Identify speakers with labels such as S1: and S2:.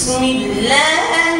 S1: بسم الله